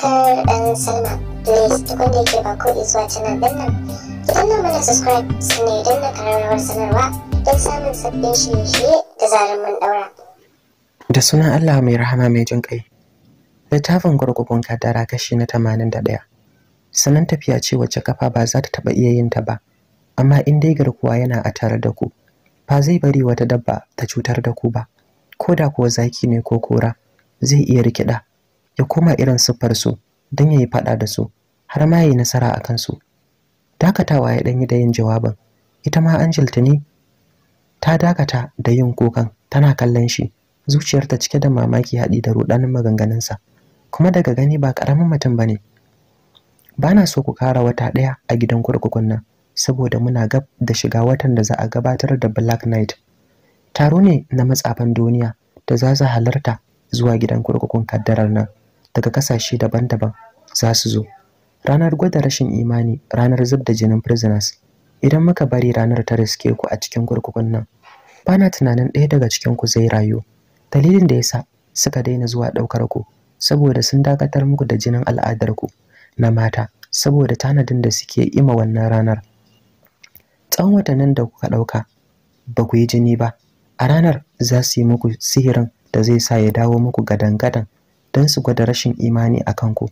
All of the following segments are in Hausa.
subscribe and sign up. Please tukun da yake ba ko zuwa canal din nan. Ki danna mana subscribe sannan idan na kararrawar sanarwa don samun sabbin shirye-shirye da zarar mun daura. Da sunan Allah mai rahama mai jin kai. Littafin gurgurgun kadara kashi na 81. Sanan tafiya ce wacce kafa ba za ta taba iya yin ta ba. Amma in dai garkuwa yana a tare da ku, ba zai bari wata dabba ta cutar da ku ba. Ko da kuwa zaki ne ko kora, zai iya rikida. ya koma irin siffarsu don ya yi faɗa da su har ma ya yi nasara a kansu dakatawa ya ɗanyi da yin jawabin ita ma angel ne? ta dakata da yin kukan tana kallon shi zuciyarta cike da mamaki haɗi da ruɗanin maganganunsa kuma daga gani ba ƙaramin mutum ba ne ba na so ku kara wata ɗaya a gidan kurkukun nan saboda muna gab da shiga watan da za a gabatar da black knight taro ne na matsafan duniya da za su halarta zuwa gidan kurkukun kaddarar nan daga kasashe daban-daban za su zo ranar gwada rashin imani ranar zub da jinin prisoners idan muka bari ranar ta riske ku a cikin kurkukun nan bana tunanin ɗaya daga cikin ku zai rayu dalilin da yasa suka daina zuwa ɗaukar ku saboda sun dakatar muku da jinin al'adar ku na mata saboda tanadin da suke ima wannan ranar tsawon watannin da kuka ɗauka ba ku yi jini ba a ranar za su yi muku sihirin da zai sa ya dawo muku gadan-gadan don su gwada rashin imani a kanku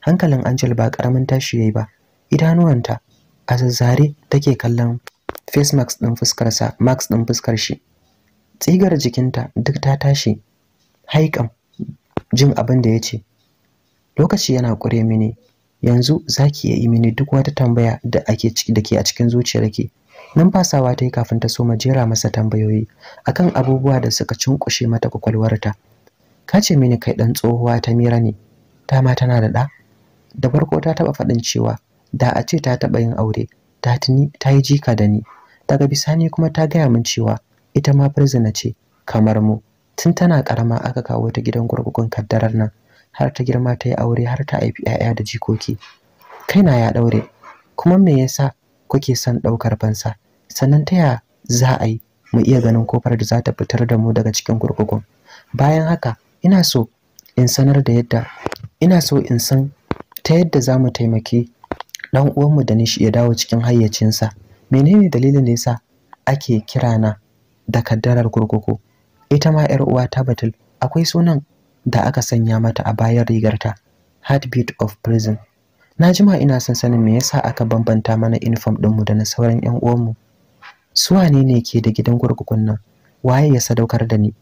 hankalin angel ba karamin tashi yayi ba idanuwanta a zazzare take kallon face mask din fuskarsa mask din fuskar shi tsigar jikinta duk ta tashi haikan jin abin da ya ce lokaci yana ƙure mini yanzu zaki ki yi mini duk wata tambaya da ake ciki dake a cikin zuciyarki numfasawa ta yi kafin ta so jera masa tambayoyi akan abubuwa da suka cunkushe mata kwakwalwarta ka ce mini kai dan tsohuwa ta mira ne ta ma tana da ɗa da farko ta taɓa faɗin cewa da a ce ta taɓa yin aure ta tuni ta yi jika da ni daga bisani kuma ta gaya min cewa ita ma prisoner ce kamar mu tun tana karama aka kawo ta gidan gurgurgun kaddarar nan har ta girma ta yi aure har ta haifi 'ya'ya da jikoki kai na ya daure kuma me yasa kuke son daukar fansa sannan ta ya za a yi mu iya ganin kofar da za ta fitar da mu daga cikin gurgurgun bayan haka ina so in sanar da yadda ina so in san ta yadda za mu taimaki ɗan uwanmu da nishi ya dawo cikin hayyacinsa menene dalilin da yasa ake kira na da kaddarar kurkuku ita ma yar uwa ta batul akwai sunan da aka sanya mata a bayan rigarta heartbeat of prison na jima ina son sanin me yasa aka bambanta mana uniform ɗinmu da na sauran 'yan uwanmu su wane ne ke da gidan kurkukun nan waye ya sadaukar da ni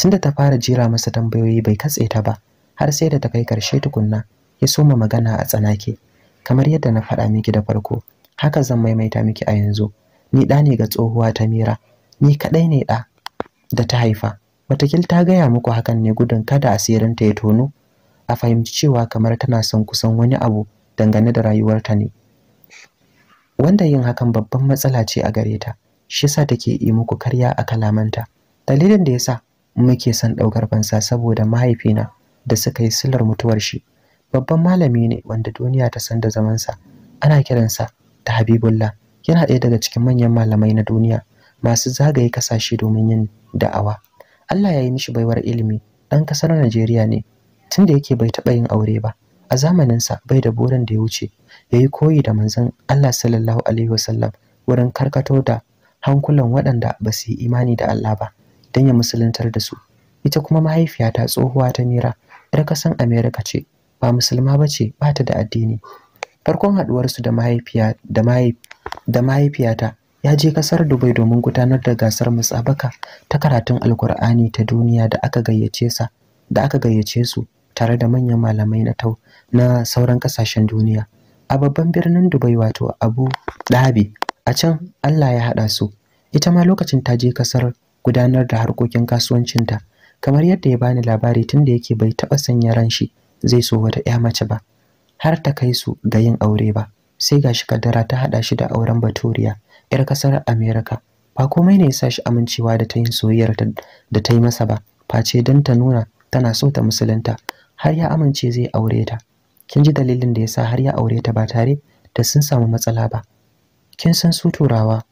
tunda ta fara jira masa tambayoyi bai katse ta ba har sai da ta kai karshe tukunna ya soma magana a tsanake kamar yadda na faɗa miki da farko haka zan maimaita miki a yanzu ni ɗa ne ga tsohuwa ta mira ni kaɗai ne ɗa da ta haifa watakil ta gaya muku hakan ne gudun kada ta ya tono a fahimci cewa kamar tana son kusan wani abu dangane da rayuwarta ne wanda yin hakan babban matsala ce a gare ta shi yasa take yi muku karya a kalamanta dalilin da ya sa. muke son ɗaukar fansa saboda mahaifina da suka yi silar mutuwar shi babban malami ne wanda duniya ta san da zaman sa ana kiransa da habibullah yana ɗaya daga cikin manyan malamai na duniya masu zagaye kasashe domin yin da'awa allah ya yi mishi baiwar ilimi Dan ƙasar najeriya ne tunda yake bai taɓa yin aure ba a zamanin sa bai da burin da ya wuce yayi koyi da manzon allah sallallahu alaihi wasallam wurin karkato da hankulan waɗanda ba su yi imani da allah ba don ya musuluntar da su ita kuma mahaifiyata tsohuwa ta mira yar kasan america ce ba musulma ba ce ba ta da addini farkon haɗuwarsu da mahaifiya da mahaif da mahaifiyata ya je kasar dubai domin gudanar da gasar musabaka ta karatun alkur'ani ta duniya da aka gayyace sa da aka gayyace su tare da manyan malamai na tau na sauran kasashen duniya a babban birnin dubai wato abu dhabi a can allah ya haɗa su ita ma lokacin ta je kasar gudanar da harkokin kasuwancinta kamar yadda ya bani labari tun da yake bai taɓa sanya ran shi zai so wata 'ya mace ba har ta kai su ga yin aure ba sai ga shi kaddara ta haɗa shi da auren baturiya Yar kasar amerika ba komai ne ya shi amincewa da ta yin soyayyar da ta yi masa ba face don ta nuna tana so ta musulunta har ya amince zai aure ta kin ji dalilin da ya sa har ya aure ta ba tare da sun samu matsala ba kin san su turawa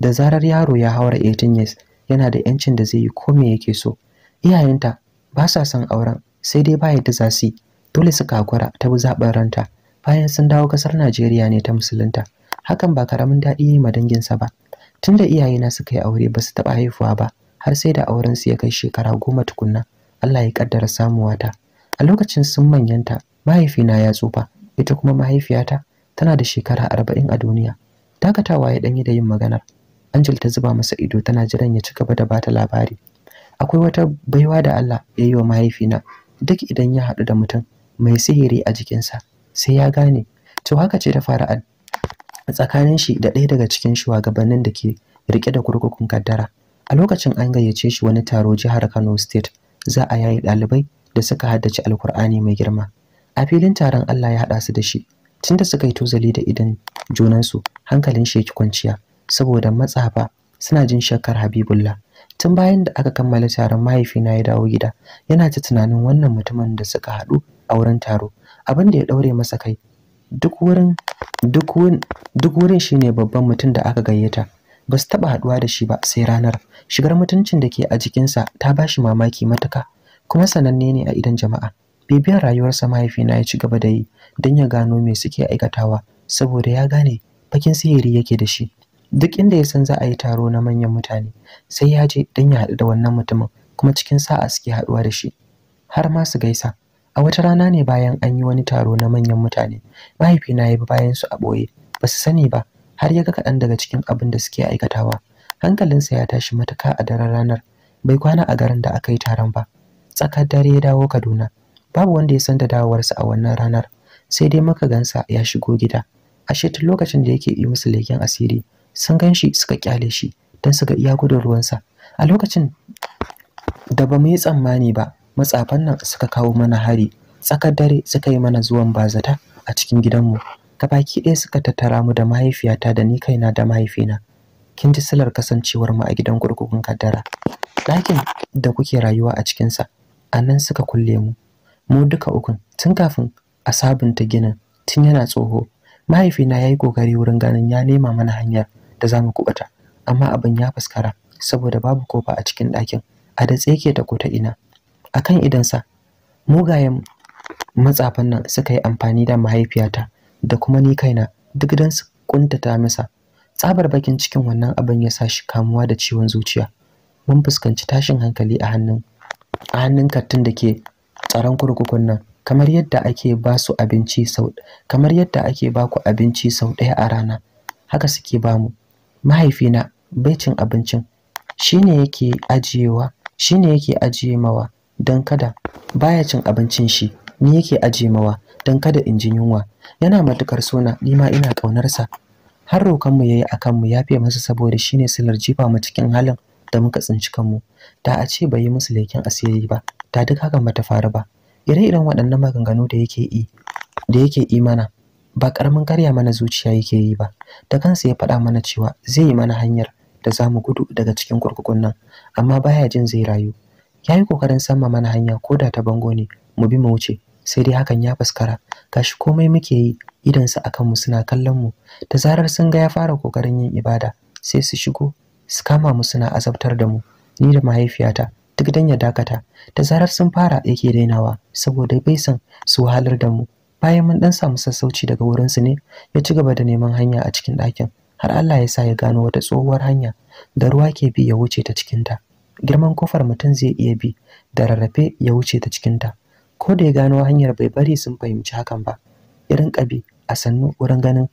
da zarar yaro ya haura 18 years yana da yancin da zai yi ko me yake so iyayenta ba sa son auren sai dai ba yadda za su dole suka hakura ta bi zaɓin ranta bayan sun dawo ƙasar Najeriya ne ta musulunta hakan ba karamin daɗi yi ma danginsa ba tunda iyayena suka yi aure ba su taɓa haihuwa ba har sai da auren su ya kai shekara goma tukunna Allah ya kaddara samuwata a lokacin sun manyanta mahaifina ya tsufa ita kuma mahaifiyata tana da shekara arba'in a duniya dakatawa ya ɗanyi da yin maganar Angel ta zuba masa ido tana jiran ya cika gaba da bata labari. Akwai wata baiwa da Allah ya yi wa mahaifina duk idan ya haɗu da mutum mai sihiri a jikinsa sai ya gane. To haka ce ta fara a tsakanin shi da ɗaya daga cikin shugabannin da ke rike da kurkukun kaddara. A lokacin an gayyace shi wani taro jihar Kano State za a yayi ɗalibai da suka haddace Alkur'ani mai girma. A filin taron Allah ya haɗa su da shi tunda suka yi tozali da idan junansu hankalin shi ya ki kwanciya. saboda matsafa suna jin shakkar habibullah tun bayan da aka kammala taron mahaifina ya dawo gida yana ta tunanin wannan mutumin da suka haɗu a wurin taro abin da ya ɗaure masa kai duk wurin duk wurin shine babban mutum da aka gayyata ba su taɓa haɗuwa da shi ba sai ranar shigar mutuncin da ke a jikinsa ta ba shi mamaki matuka kuma sananne ne a idan jama'a bibiyar rayuwarsa mahaifina ya ci gaba da yi don ya gano me suke aikatawa saboda ya gane bakin sihiri yake da shi duk inda ya san za a yi taro na manyan mutane sai ya je don ya haɗu da wannan mutumin kuma cikin sa'a suke haɗuwa da shi har ma su gaisa a wata rana ne bayan an yi wani taro na manyan mutane mahaifina ya bi bayan su a ɓoye ba su sani ba har ya ga kaɗan daga cikin abin da suke aikatawa hankalinsa ya tashi matuka a daren ranar bai kwana a garin da aka yi taron ba tsakar dare ya dawo kaduna babu wanda ya san da dawowarsa a wannan ranar sai dai muka gansa ya shigo gida ashe tun lokacin da yake yi musu leken asiri sun gan shi suka kyale shi don su ga iya gudun ruwansa a lokacin da ba mu yi tsammani ba matsafan nan suka kawo mana hari tsakar dare suka yi mana zuwan bazata a cikin gidanmu gabaki ɗaya suka tattara mu da mahaifiyata da ni kaina da mahaifina kin ji silar kasancewar mu a gidan kurkukun kaddara ɗakin da kuke rayuwa a cikinsa a nan suka kulle mu mu duka ukun tun kafin a sabunta ginin tun yana tsoho mahaifina ya yi ƙoƙari wurin ganin ya nema mana hanyar da zamu kubuta amma abin ya faskara saboda babu kofa a cikin ɗakin a da tseke ta ko ta ina akan idansa mugayen matsafan nan suka yi amfani da mahaifiyata da kuma ni kaina duk dan su kuntata masa tsabar bakin cikin wannan abin ya sa shi kamuwa da ciwon zuciya mun fuskanci tashin hankali a hannun a hannun kattun da ke tsaron kurkukun nan kamar yadda ake ba su abinci sau kamar yadda ake ba ku abinci sau ɗaya a rana haka suke ba mu mahaifina bai cin abincin shi ne yake ajiyewa ne yake ajiye mawa don kada baya cin abincin shi ni yake ajiye mawa don kada in ji yunwa yana matukar sona ni ma ina ƙaunarsa har rokanmu yayi kanmu mu yafe masa saboda shi ne silar jifa mu cikin halin da muka tsinci kanmu da a ce bai yi musu leken asiri ba da duk hakan bata faru ba ire-iren waɗannan maganganu da yake yi yi mana ba karamin karya mana zuciya yake yi ba da kansa ya faɗa mana cewa zai yi mana hanyar da za mu gudu daga cikin kurkukun nan amma baya jin zai rayu ya yi kokarin sama mana hanya ko da ta bango ne mu bi mu wuce sai dai hakan ya fuskara gashi komai muke yi idansa a kanmu suna kallon mu da zarar sun ga ya fara kokarin yin ibada sai su shigo su kama mu suna azabtar da mu ni da mahaifiyata duk dan ya dakata da zarar sun fara yake dainawa saboda bai san su wahalar da mu bayan mun dan samu sassauci daga wurin su ne ya ci gaba da neman hanya a cikin ɗakin har Allah ya sa ya gano wata tsohuwar hanya da ruwa ke bi ya wuce ta cikin ta girman kofar mutum zai iya bi da rarrafe ya wuce ta cikin ta ko da ya gano hanyar bai bari sun fahimci hakan ba irin kabi a sannu wurin ganin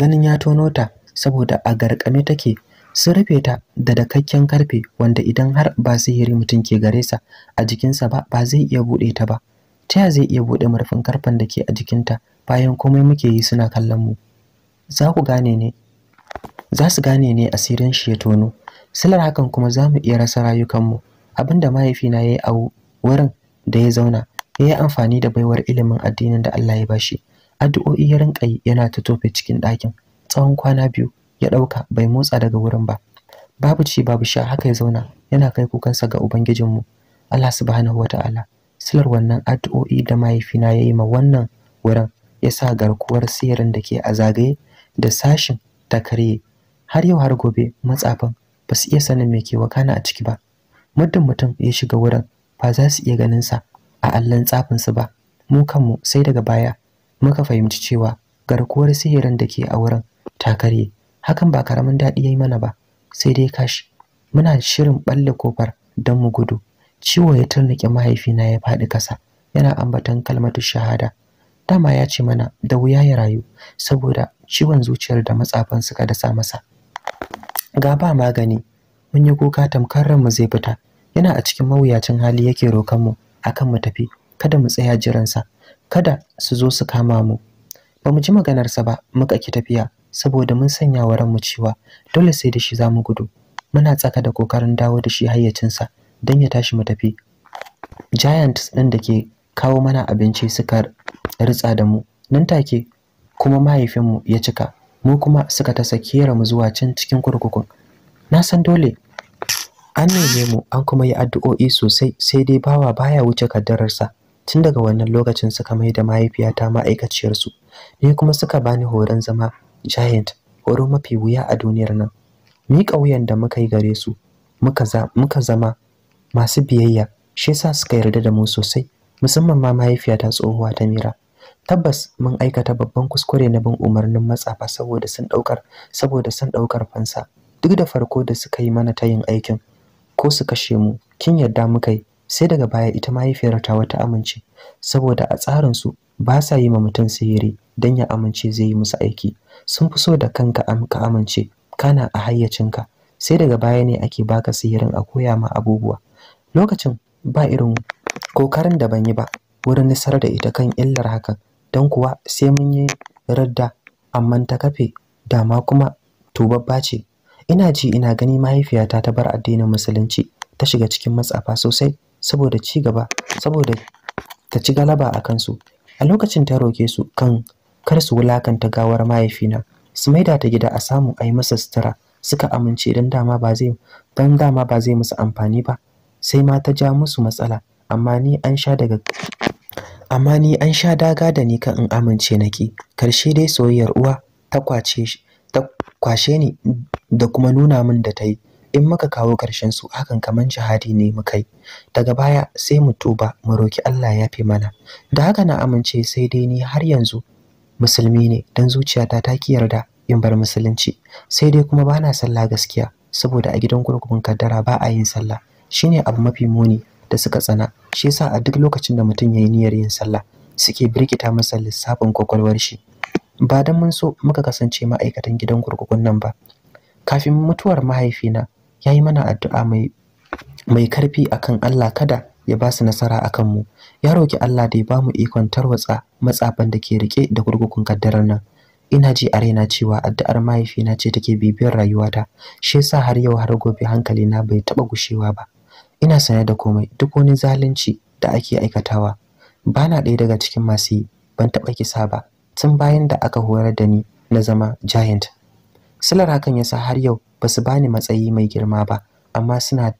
ganin ya tono ta saboda a garkame take sun rufe ta da dakakken karfe wanda idan har ba sihiri mutum ke gare sa a jikinsa ba ba zai iya buɗe ta ba ta ya zai iya buɗe murfin karfen da ke a jikinta bayan komai muke yi suna kallon mu za ku gane ne za su gane ne asirin shi ya tono silar hakan kuma za mu iya rasa rayukanmu abinda mahaifina ya yi a wurin da ya zauna ya yi amfani da baiwar ilimin addinin da Allah ya bashi addu'o'i ya rinka yana ta tofe cikin ɗakin tsawon kwana biyu ya ɗauka bai motsa daga wurin ba babu ci babu sha haka ya zauna yana kai kukansa ga ubangijinmu Allah subhanahu ta'ala silar wannan addu'o'i da mahaifina ya yi ma wannan wurin ya sa garkuwar sihirin da ke a zagaye da sashin ta karye har yau har gobe matsafin ba su iya sanin mai ke wakana a ciki ba muddin mutum ya shiga wurin ba za su iya ganin sa a allon su ba mu kanmu sai daga baya muka fahimci cewa garkuwar sihirin da ke a wurin ta karye hakan ba karamin daɗi ya yi mana ba sai dai kashi muna shirin balle kofar don mu gudu ciwo ya tarnake mahaifina ya faɗi kasa yana ambatan kalmatu shahada dama ya ce mana da wuya ya rayu saboda ciwon zuciyar da matsafan suka dasa masa ga ba magani mun yi kuka tamkar ranmu zai fita yana a cikin mawuyacin hali yake rokan mu akan mu tafi kada mu tsaya jiransa kada su zo su kama mu ba mu ji maganarsa ba muka ki tafiya saboda mun sanya wa ranmu cewa dole sai da shi za mu gudu muna tsaka da kokarin dawo da shi hayyacinsa don ya tashi mu tafi giants ɗin da ke kawo mana abinci suka ritsa da mu nan take kuma mahaifinmu ya cika mu kuma suka ta sakera mu zuwa can cikin kurkukun na san dole an neme mu an kuma yi addu'o'i sosai sai dai bawa baya wuce kaddararsa tun daga wannan lokacin suka mai da mahaifiyata ma'aikaciyarsu ni kuma suka bani horon zama giant horo mafi wuya a duniyar nan ni ƙauyen da muka yi gare su muka zama masu biyayya shi yasa suka yarda da mu sosai musamman ma mahaifiyata tsohuwa ta mira tabbas mun aikata babban kuskure na bin umarnin matsafa saboda sun daukar saboda sun daukar fansa duk da farko da suka yi mana tayin aikin ko su kashe mu kin yarda muka yi sai daga baya ita mahaifiyar ta wata amince saboda a tsarin su ba sa yi ma mutum sihiri dan ya amince zai yi musu aiki sun fi so da kanka ka amince kana a hayyacinka sai daga baya ne ake baka sihirin a koya ma abubuwa lokacin ba irin kokarin da ban yi ba wurin nisar da ita kan illar hakan don kuwa sai mun yi radda amma ta kafe dama kuma to babba ce ina ji ina gani mahaifiyata ta bar addinin musulunci ta shiga cikin matsafa sosai saboda ci gaba saboda ta ci galaba a kansu a lokacin ta roke su kan kar su wulakanta gawar mahaifina su maida ta gida a samu a yi masa sutura suka amince don dama ba zai don dama ba zai musu amfani ba sai ma ta ja musu matsala amma ni an sha daga amma ni an sha daga da ni kan in amince naki karshe dai soyayyar uwa ta kwace ta kwashe ni da kuma nuna min da ta yi in muka kawo karshen su hakan kaman jihadi ne mu kai daga baya sai mu tuba mu roki Allah ya fi mana da haka na amince sai dai ni har yanzu musulmi ne dan zuciyata ta ki yarda in bar musulunci sai dai kuma bana sallah gaskiya saboda a gidan kurkukun kaddara ba a yin sallah shine abu mafi muni da suka tsana shi yasa a duk lokacin da mutum yayi niyyar yin sallah suke birkita masa lissafin kwakwalwar shi ba dan mun so muka kasance ma'aikatan gidan kurkukun nan ba kafin mutuwar mahaifina yayi mana addu'a mai mai karfi akan Allah kada ya ba su nasara akan mu ya roki Allah da ya ba mu ikon tarwatsa matsafan da ke rike da kurkukun kaddarar nan ina ji a raina cewa addu'ar mahaifina ce take bibiyar rayuwata shi yasa har yau har gobe hankali na bai taba gushewa ba ina sane da komai duk wani zalunci da ake aikatawa bana ɗaya daga cikin masu yi ban taɓa kisa ba tun bayan da aka horar da ni na zama giant silar hakan yasa har yau ba su bani matsayi mai girma ba amma suna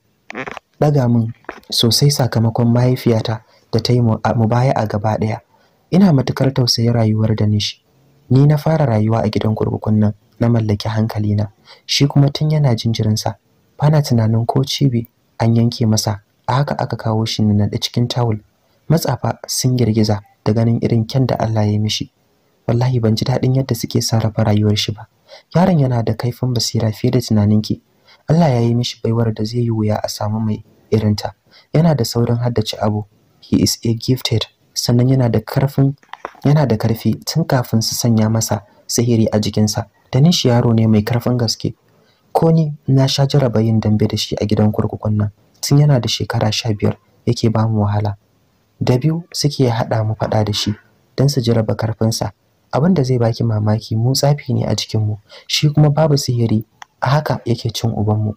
ɗaga min sosai sakamakon mahaifiyata da ta yi mu baya a gaba ɗaya ina matukar tausayin rayuwar da nishi ni na fara rayuwa a gidan kurkukun nan na mallaki hankalina shi kuma tun yana jinjirinsa bana tunanin ko cibi an yanke masa a haka aka kawo shi naɗe cikin tawul matsafa sun girgiza da ganin irin kyan da Allah ya mishi wallahi ban ji daɗin yadda suke sarrafa rayuwar shi ba yaron yana da kaifin basira fiye da tunaninki Allah ya yi mishi baiwar da zai yi wuya a samu mai irinta yana da saurin haddace abu he is a gifted sannan yana da karfin yana da karfi tun kafin su sanya masa sihiri a jikinsa danin shi yaro ne mai karfin gaske ko ni na sha jaraba yin dambe da shi a gidan kurkukun nan tun yana da shekara sha biyar yake ba mu wahala da biyu suke haɗa mu faɗa da shi don su jaraba karfinsa abin da zai baki mamaki mu tsafi ne a jikinmu shi kuma babu sihiri a haka yake cin ubanmu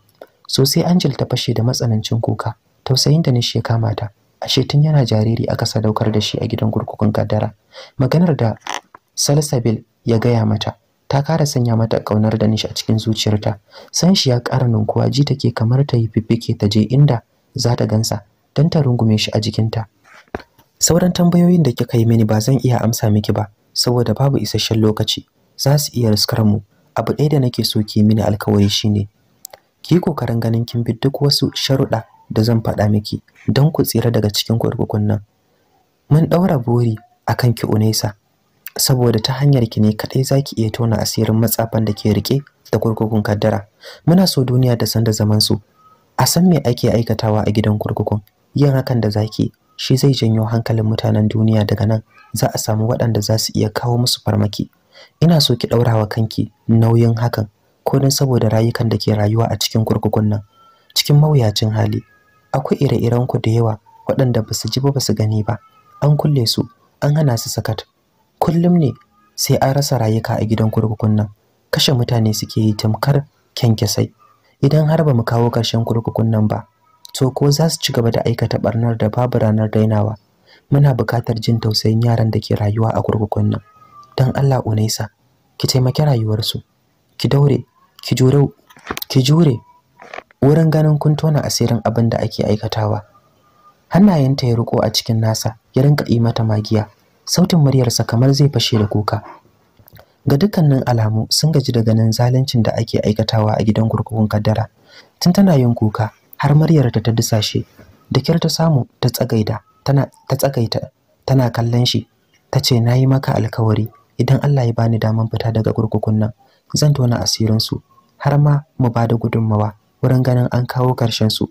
sosai angel ta fashe da matsanancin kuka tausayin da shi ya kama ashe tun yana jariri aka sadaukar da shi a gidan kurkukun kaddara maganar da salsabil ya gaya mata ta ƙara sanya mata ƙaunar nishi a cikin zuciyarta. San shi ya ƙara ninkuwa ji take kamar ta yi fiffike ta je inda za ta gansa don ta rungume shi a jikinta. Sauran tambayoyin da kika yi mini ba zan iya amsa miki ba saboda babu isasshen lokaci. Za su iya riskar mu. Abu ɗaya da nake so ki mini alkawari shine ki kokarin ganin kin bi duk wasu sharuɗa da zan faɗa miki don ku tsira daga cikin kurkukun nan. Mun ɗaura buri akan ki Unesa saboda ta hanyar ki ne kadai zaki iya tona asirin matsafan da ke rike da kurkukun kaddara muna so duniya ta san da zaman su a san me ake aikatawa a gidan kurkukun yin hakan da zaki shi zai janyo hankalin mutanen duniya daga nan za a samu waɗanda za su iya kawo musu farmaki ina so ki ɗaurawa kanki nauyin hakan ko dan saboda rayukan da ke rayuwa a cikin kurkukun nan cikin mawuyacin hali akwai ire-iren ku da yawa waɗanda ba su ji ba ba su gani ba an kulle su an hana su sakat kullum ne sai an rasa rayuka a gidan kurkukun nan kashe mutane suke yi tamkar kyankyasai idan har ba mu kawo ƙarshen kurkukun nan ba to ko za su ci gaba da aikata barnar da babu ranar dainawa muna buƙatar jin tausayin yaran da ke rayuwa a kurkukun nan don Allah unaisa ki taimaki rayuwarsu ki daure ki jure ki jure wurin ganin kun tona asirin abin da ake aikatawa hannayenta ya riko a cikin nasa ya rinka yi mata magiya sautin muryarsa kamar zai fashe da kuka ga dukkanin alamu sun gaji da ganin zaluncin da ake aikatawa a gidan kurkukun kaddara tun tana yin kuka har muryar ta dusashe da kyar ta samu ta tsagaida tana ta tsagaita tana kallon shi ta ce na yi maka alkawari idan Allah ya bani daman fita daga kurkukun nan zan tona asirin su har ma mu bada da gudunmawa wurin ganin an kawo karshen su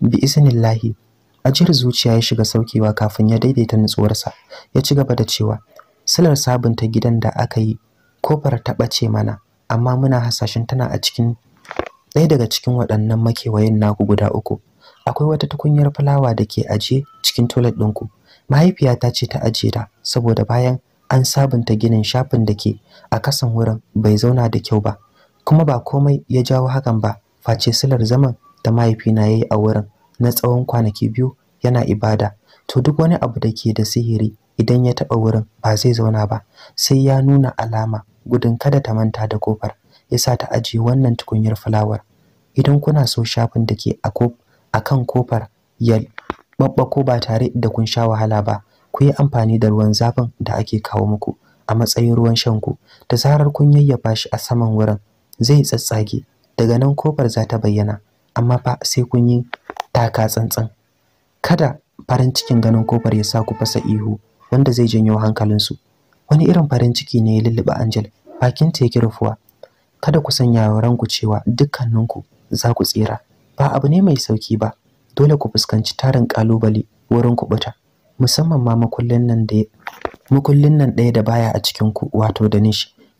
bi isnillahi ajiyar zuciya ya shiga saukewa kafin ya daidaita nutsuwarsa ya ci gaba da cewa silar sabunta gidan da aka yi kofar ta ɓace mana amma muna hasashen tana a cikin ɗaya daga cikin waɗannan makewayin naku guda uku akwai wata tukunyar fulawa da ke ajiye cikin toilet ɗinku mahaifiyata ce ta ajiye ta saboda bayan an sabunta ginin shafin da ke a kasan wurin bai zauna da kyau ba kuma ba komai ya jawo hakan ba face silar zaman da mahaifina ya yi a wurin na tsawon kwanaki biyu yana ibada to duk wani abu da ke da sihiri idan ya taɓa wurin ba zai zauna ba sai ya nuna alama gudun kada ta manta da kofar sa ta ajiye wannan tukunyar fulawar idan kuna so shafin da ke a kan kofar ya babbako ba tare da kun sha wahala ba ku yi amfani da ruwan zafin da ake kawo muku a matsayin ruwan shanku da zarar kun yayyafa shi a saman wurin zai tsatsage daga nan kofar za ta bayyana amma fa sai kun yi taka tsantsan kada farin cikin ganin kofar ya sa ku fasa ihu wanda zai janyo hankalin su wani irin farin ciki ne ya lulluɓe Angel bakin ta yake rufuwa kada ku sanya ranku cewa dukkaninku za ku tsira ba abu ne mai sauki ba dole ku fuskanci tarin kalubale wurin kuɓuta. musamman ma makullin nan da makullin nan ɗaya da baya a cikin ku wato da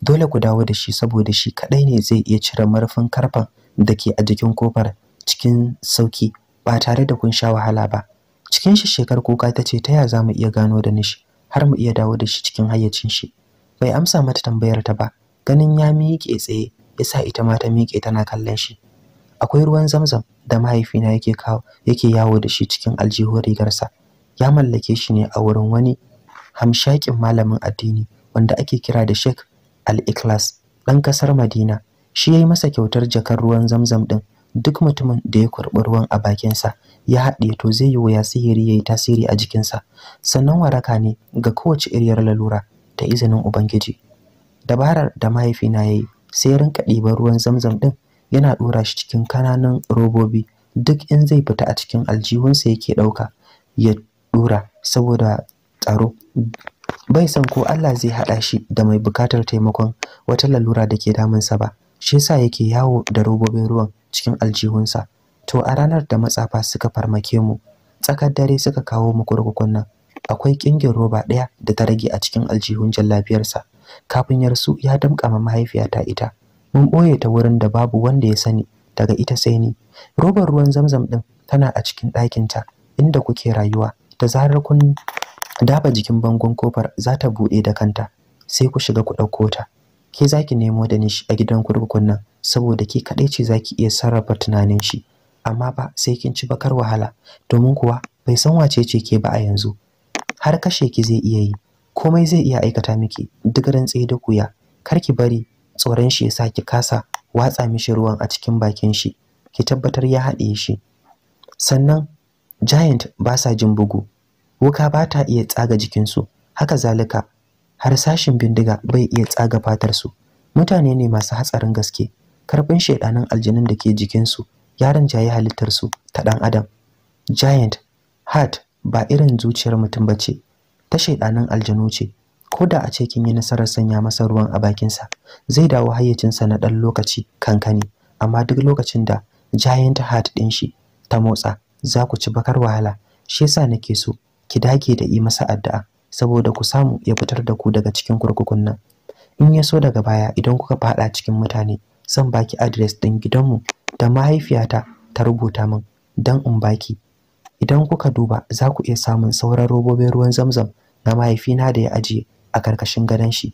dole ku dawo da shi saboda shi kadai ne zai iya cire marfin karfan da ke a jikin kofar cikin sauki ba tare da kun sha wahala ba cikin shi shekar kuka ta ce ta ya za mu iya gano da nishi har mu iya dawo da shi cikin hayyacin shi bai amsa mata tambayar ta ba ganin ya miƙe tsaye ya sa ita ma ta miƙe tana kallon shi akwai ruwan zamzam da mahaifina yake kawo yake yawo da shi cikin aljihuwar rigarsa ya mallake shi ne a wurin wani hamshakin malamin addini wanda ake kira da Sheikh Al-Ikhlas ɗan ƙasar Madina shi ya yi masa kyautar jakar ruwan zamzam ɗin. duk mutumin da ya karɓi ruwan a bakinsa ya haɗe to zai yi wuya sihiri ya yi tasiri a jikinsa sannan waraka ne ga kowace iriyar lalura ta izinin ubangiji dabarar da mahaifina ya yi sai rinka ɗiban ruwan zamzam ɗin yana ɗora shi cikin kananan robobi duk in zai fita a cikin aljihunsa yake ɗauka ya ɗora saboda tsaro bai san ko Allah zai haɗa shi da mai bukatar taimakon wata lalura da ke damunsa ba shi yasa yake yawo da robobin ruwan cikin aljihunsa to a ranar da matsafa suka farmake mu tsakar dare suka kawo mu kurkukun nan akwai kingin roba ɗaya da ta rage a cikin aljihun jallabiyarsa kafin yarsu ya damƙa ma mahaifiyata ita mun ɓoye ta wurin da babu wanda ya sani daga ita sai ni robar ruwan zamzam ɗin tana a cikin ɗakinta inda kuke rayuwa da zarar kun daba jikin bangon kofar za ta buɗe da kanta sai ku shiga ku ɗauko ta ke za nemo da ni a gidan kurkukun nan saboda ke kaɗai ce za ki iya sarrafa tunanin shi amma ba sai kin ci bakar wahala domin kuwa bai san wace ce ke ba a yanzu har kashe ki zai iya yi komai zai iya aikata miki duk rantse da kuya kar ki bari tsoron shi ya sa ki kasa watsa mishi ruwan a cikin bakin shi ki tabbatar ya haɗe shi sannan giant ba sa jin bugu wuka ba ta iya tsaga jikinsu haka zalika har sashin bindiga bai iya tsaga su. mutane ne masu hatsarin gaske karfin shaidanin aljanun da ke jikinsu ya rinjaye halittarsu ta ɗan adam giant heart ba irin zuciyar mutum ba ce ta shaidanin aljanu ce ko da a ce kin yi nasarar sanya masa ruwan a bakinsa zai dawo hayyacinsa na ɗan lokaci kankani amma duk lokacin da giant heart ɗin shi ta motsa za ku ci bakar wahala shi yasa nake so ki dage da yi masa addu'a saboda ku samu ya fitar da ku daga cikin kurkukun nan in ya so daga baya idan kuka faɗa cikin mutane zan baki adres din gidanmu da mahaifiyata ta rubuta min don in baki idan kuka duba za ku iya samun sauran robobin ruwan zamzam na mahaifina da ya ajiye a karkashin gadon shi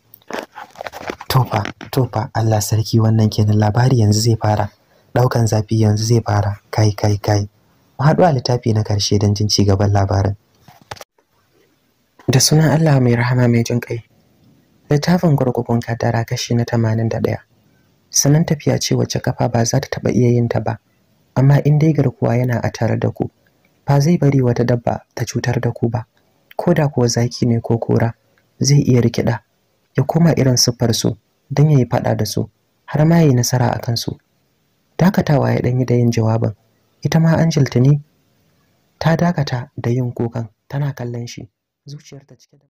tofa tofa Allah sarki wannan kenan labari yanzu zai fara Ɗaukan zafi yanzu zai fara kai kai kai mu haɗu a littafi na karshe don jin ci gaban labarin da sunan Allah mai rahama mai jin kai littafin gurgurkun kadara kashi na 81 sanan tafiya ce wacce kafa ba za ta taɓa iya yin ta ba amma in dai garkuwa yana a tare da ku ba zai bari wata dabba ta cutar da ku ba ko da kuwa zaki ne ko kora zai iya rikida ya koma irin siffar su don ya yi faɗa da su har ma ya yi nasara a kansu dakatawa ya ɗanyi da yin jawabin ita ma angel ne? ta dakata da yin kukan tana kallon shi zuciyarta cike da